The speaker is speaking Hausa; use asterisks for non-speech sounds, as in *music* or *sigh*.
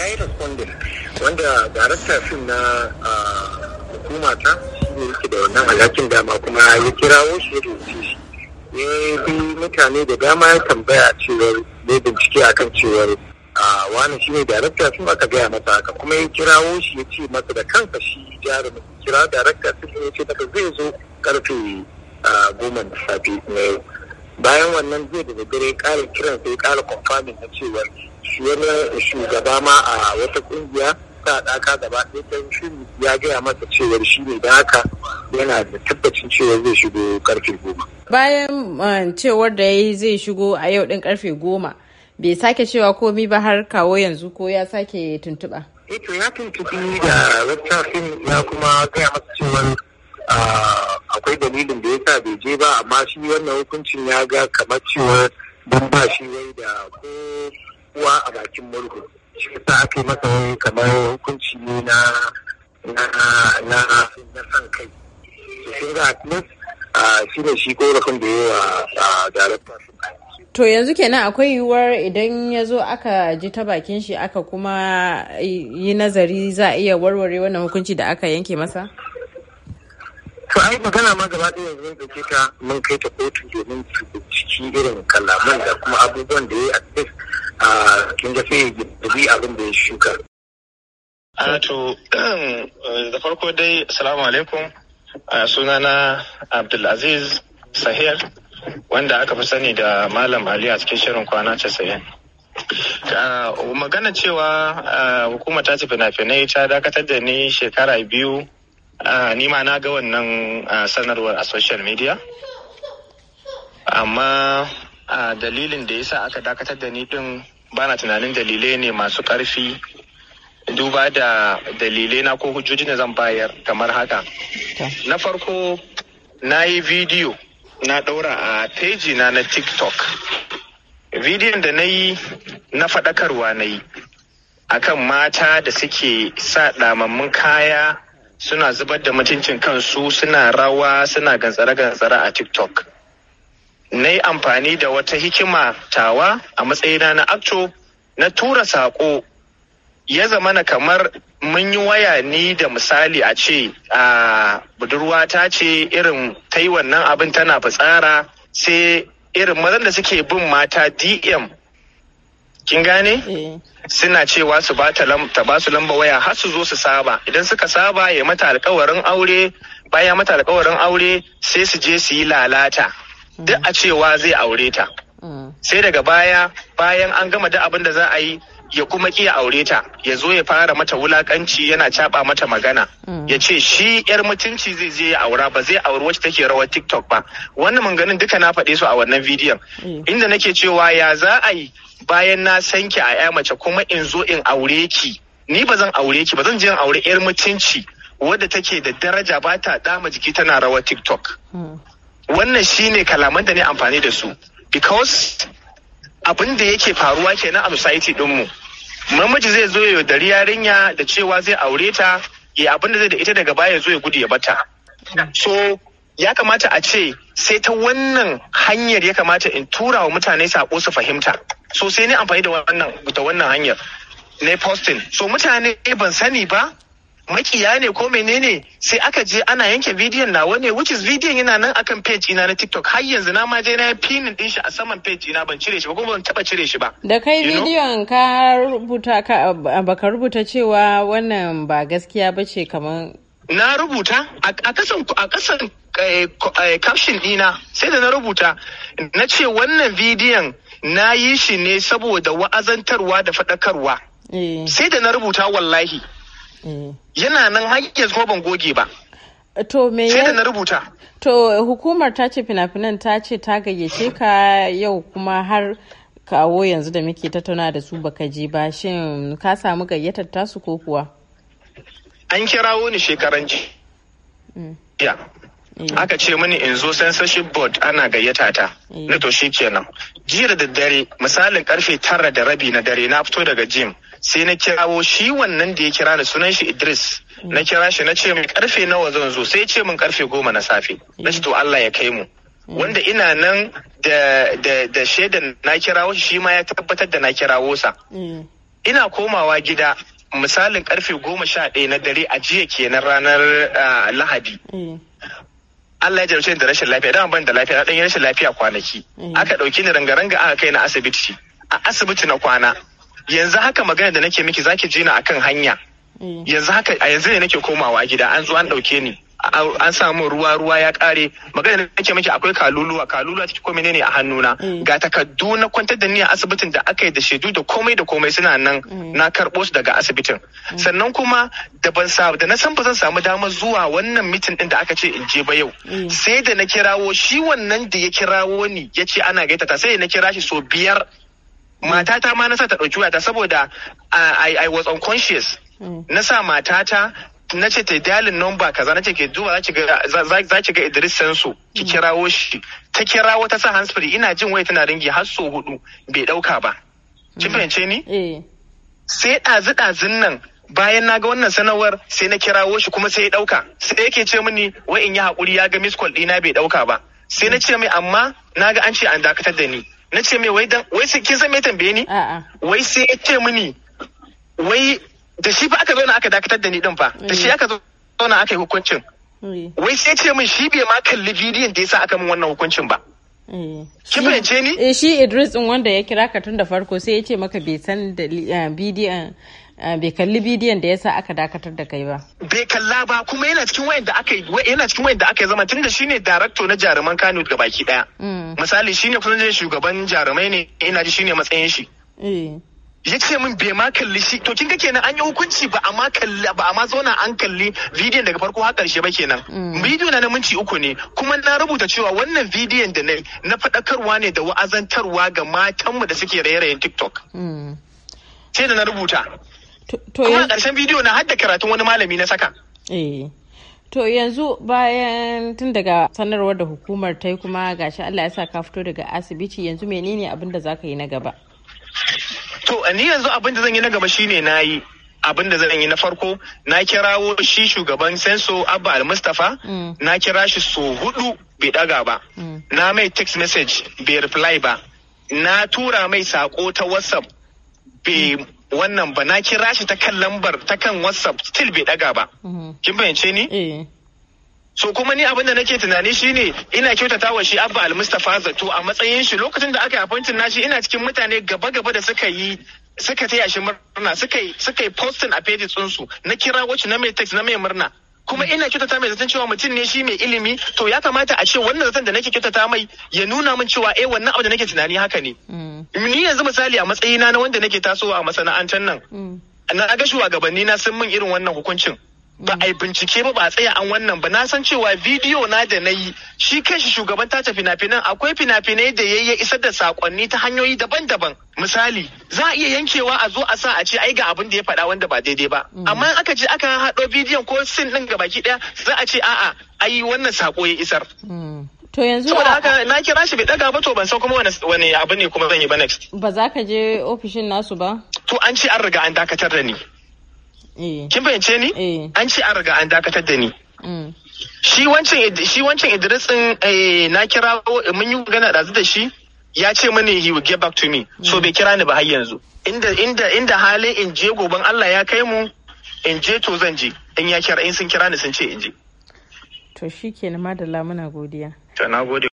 ya yi responding wanda darakta fim na hukuma ta shi yake da wannan alhakin dama kuma ya kira shi ya rubuce shi ya bi mutane da dama ya tambaya cewar ne bincike akan cewar wani shi ne darakta fim aka gaya masa haka kuma ya kira shi ya ce masa da kanka shi jarumin kira darakta fim ya ce daga zai zo karfe goma da safe na yau bayan wannan zai da dare kara kiran sai kare confirming na cewar shi wani shugaba ma a wata kungiya ta daka gaba ɗaya ta shi ya gaya masa cewar shi ne da haka yana da tabbacin cewa zai shigo karfe goma. Bayan uh, cewar da ya yi zai shigo a yau ɗin karfe goma bai sake cewa komi ba har kawo yanzu ko ya sake tuntuɓa. Ito eh, ya tuntuɓi da uh, littafin ya kuma gaya masa cewar uh, akwai dalilin da ya sa bai je ba amma shi wannan hukuncin ya ga kamar cewa don ba shi wai da ko uwa a bakin murhu shi ta aka masa wani kamar hukunci ne na na na na san kai ga shi ne da yi wa darakta To yanzu kenan akwai yiwuwar idan ya zo aka ji ta bakin shi aka kuma yi nazari za a iya warware wannan hukunci da aka yanke masa? To ai magana ma gaba ɗaya yanzu ke ta mun kai ta kotu domin su ciki irin kalaman da kuma abubuwan da ya yi a kin ga sai bi abin da ya shuka. to *clears throat* da farko dai salamu alaikum sunana abdulaziz sahir wanda aka fi sani da malam ali a cikin shirin kwana casa'in magana cewa hukuma ta ci fina-finai ta dakatar da ni shekara biyu ni ma na ga wannan sanarwar a social media amma A dalilin da yasa aka dakatar da ni din bana tunanin dalilai ne masu ƙarfi duba da dalilai na ko hujjoji da zan bayar kamar haka na farko na yi bidiyo na ɗaura a peji na na tiktok bidiyon da na yi na faɗakarwa na yi akan mata da suke sa ɗamammun kaya suna zubar da mutuncin kansu suna rawa suna gantsare-gantsare a tiktok na yi amfani da wata hikima tawa a matsayina na akto na tura saƙo ya zama na kamar mun yi waya ni da misali a ce a ta ce irin ta yi wannan abin tana fitsara sai irin mazan da suke bin mata dm kin gane eh. suna cewa su ba ta ba su lamba waya har su zo su saba idan suka saba ya mata alkawarin aure baya mata alkawarin aure sai su je su yi lalata duk a cewa zai aure ta sai daga baya bayan an gama duk abin da za a yi ya kuma ki ya aure ta ya zo ya fara mata wulakanci yana caba mata magana ya ce shi yar mutunci zai je ya aura ba zai auri wacce take rawar tiktok ba wannan manganin duka na faɗe su a wannan bidiyon mm. inda nake cewa ya za a yi bayan na san ki a ya mace kuma in zo in aure ki ni ba zan aure ki ba zan je in aure yar mutunci wadda take da daraja ba ta dama jiki tana rawar tiktok mm. wannan shine kalaman da ne amfani da su because abin da yake faruwa kenan a society dinmu namiji zai zo ya yaudari yarinya da cewa zai aure ta ya abin da zai da ita daga baya zo ya gudu ya bata so ya kamata a ce sai ta wannan hanyar ya kamata in tura wa mutane sako su fahimta so sai ne amfani da wannan da wannan hanyar na posting so mutane ban sani ba makiya ne ko menene sai aka je ana yanke bidiyon nawa ne which is bidiyon yana nan akan page ina na TikTok har yanzu na ma je na pinin din shi a saman page ina ban cire shi ba kuma ban taba cire shi ba da kai bidiyon ka rubuta ka baka rubuta cewa wannan ba gaskiya bace kaman. na rubuta a kasan a kasan eh, eh, caption dina sai da na rubuta na ce wannan bidiyon na yi shi ne saboda wa'azantarwa da faɗakarwa eh. sai da na rubuta wallahi yana nan yanzu ban goge ba to me ya na rubuta to hukumar ta ce fina-finan ta ce ta gayyace ka yau kuma har kawo yanzu da muke tattauna da su baka je ba shin ka samu gayyatar tasu ko kuwa an kirawo ni shekaran ji mm. ya Mm. aka ce mini in zo censorship board ana gayyata ta mm. na to shi kenan jiya da dare misalin karfe tara da rabi na dare na fito daga jim sai na kirawo shi wannan da ya kira da sunan shi Idris mm. na kira shi na ce min karfe nawa zan zo sai ce min karfe goma na safe na ce to Allah ya kai mu wanda ina nan da da da shaidan na kirawo shi ma ya tabbatar da na kirawo sa ina komawa gida misalin karfe goma sha ɗaya na dare a jiya kenan ranar ah, lahadi Allah ya jarce da rashin lafiya dan ban da lafiya na dan yi rashin lafiya kwanaki eh. aka dauki ni ranga-ranga aka kai na asibiti a asibiti na kwana yanzu haka magana da nake miki zaki je na akan hanya eh. yanzu haka a yanzu ne nake komawa gida an zo an dauke ni an samu ruwa ruwa ya kare magana da nake miki akwai kaluluwa kaluluwa ta ko menene a hannuna mm. ga takaddu na kwantar da ni a asibitin da aka yi da shaidu da komai da komai suna nan mm. na karɓo su daga asibitin mm. sannan kuma da ban sa da na san ba zan samu damar zuwa wannan mitin din da aka ce in je ba yau sai da na kirawo shi wannan da ya kirawo ni ya ce ana gaita ta sai na kira shi so biyar matata ma na sa ta ɗauki wata saboda uh, I, I was unconscious na sa matata na ce ta dialin number kaza na ce ke duba za ki ga Idris Sansu ki mm. kirawo shi ta kirawo ta sa handsfree ina jin waya tana ringi har so hudu bai dauka ba kin mm. fahimce ni eh. sai ɗazu ɗazun nan bayan na ga wannan sanarwar sai na kirawo shi kuma sai ya dauka sai yake ce mini wai in yi hakuri ya ga miss call dina bai dauka ba sai na ce mai amma na ga an ce an dakatar da ni na ce mai wai dan wai kin san me tambaye ni wai sai ya ce mini wai da shi fa aka zo na aka dakatar da ni din fa da shi mm. aka zo na aka yi hukuncin mm. wai sai ce min shi bai ma kalli bidiyon da yasa aka min wannan hukuncin ba mm. kin fahimce ni eh shi Idris din wanda ya kira ka tun da farko sai ya ce maka bai san da eh, bidiyon eh, bai kalli bidiyon da yasa aka dakatar da kai ba bai kalla ba kuma yana cikin wayan da aka yana cikin wayan da aka zama da shine director na jaruman Kano gabaki daya misali shine kusan shugaban jarumai ne ina ji shine matsayin shi eh. ya ce min bai ma kalli shi to kin ga kenan an yi hukunci ba a ma kalli ba a ma zauna an kalli bidiyon daga farko har karshe ba kenan mm. bidiyo na minti uku ne kuma na rubuta cewa wannan bidiyon da na na faɗakarwa ne da wa'azantarwa ga matanmu da suke rayayen TikTok mm. sai da na rubuta kuma karshen bidiyo na hadda karatun wani malami na saka eh. To yanzu bayan tun daga sanarwar da hukumar ta yi kuma gashi Allah ya sa ka fito daga asibiti yanzu menene abin da za ka yi na gaba? to ni yanzu abin da zan yi na gaba shine na yi abin da zan yi na farko na kirawo shi shugaban senso abba al-mustafa mm. na kira shi so hudu bai daga ba mm. na mai text message bai reply ba na tura mai sako ta whatsapp bai mm. wannan ba na kira shi ta kan lambar ta kan whatsapp still bai daga ba mm-hmm. kin fahimce ni eh. so kuma ni abin da nake tunani shine ina kyautata wa shi abba al-mustafa zato a matsayin shi lokacin da aka yi na nashi ina cikin mutane gaba-gaba da suka yi suka taya shi murna suka yi suka yi posting a din su na kira wacce na mai text na mai murna kuma ina kyautata mai zaton cewa mutum ne shi mai ilimi to ya kamata a ce wannan zaton da nake kyautata mai ya nuna min cewa eh wannan abu da nake tunani haka ne mm. ni yanzu misali a matsayina na wanda nake tasowa a masana'antar nan mm. na ga shugabanni na sun min irin wannan hukuncin ba a yi bincike ba ba tsaya an wannan ba na san cewa bidiyo na da na yi shi shi shugaban tace fina-finan akwai fina-finai da ya isar da sakonni ta hanyoyi daban-daban misali za a iya yankewa a zo a sa a ce ai ga abin da ya faɗa wanda ba daidai ba mm. amma in aka je aka haɗo bidiyon ko sin ɗin baki ɗaya za a ce a'a ai wannan sako ya isar. Mm. To yanzu saboda haka na kira shi bai daga ba to ban san kuma wani abu ne kuma zan yi ba next. Ba za ka je ofishin nasu ba? To an ce an riga an dakatar da ni. Eh. kin fahimce ni eh. an ce an riga an dakatar da ni mm. shi wancan shi wancan Idris din eh, na kira mun yi magana dazu da shi ya ce mani he will get back to me so mm. bai kira ni ba har yanzu inda inda inda halin in je goben Allah ya kai mu in je to zan je in ya kira in sun kira ni sun ce in je to shikenan madalla muna godiya to na gode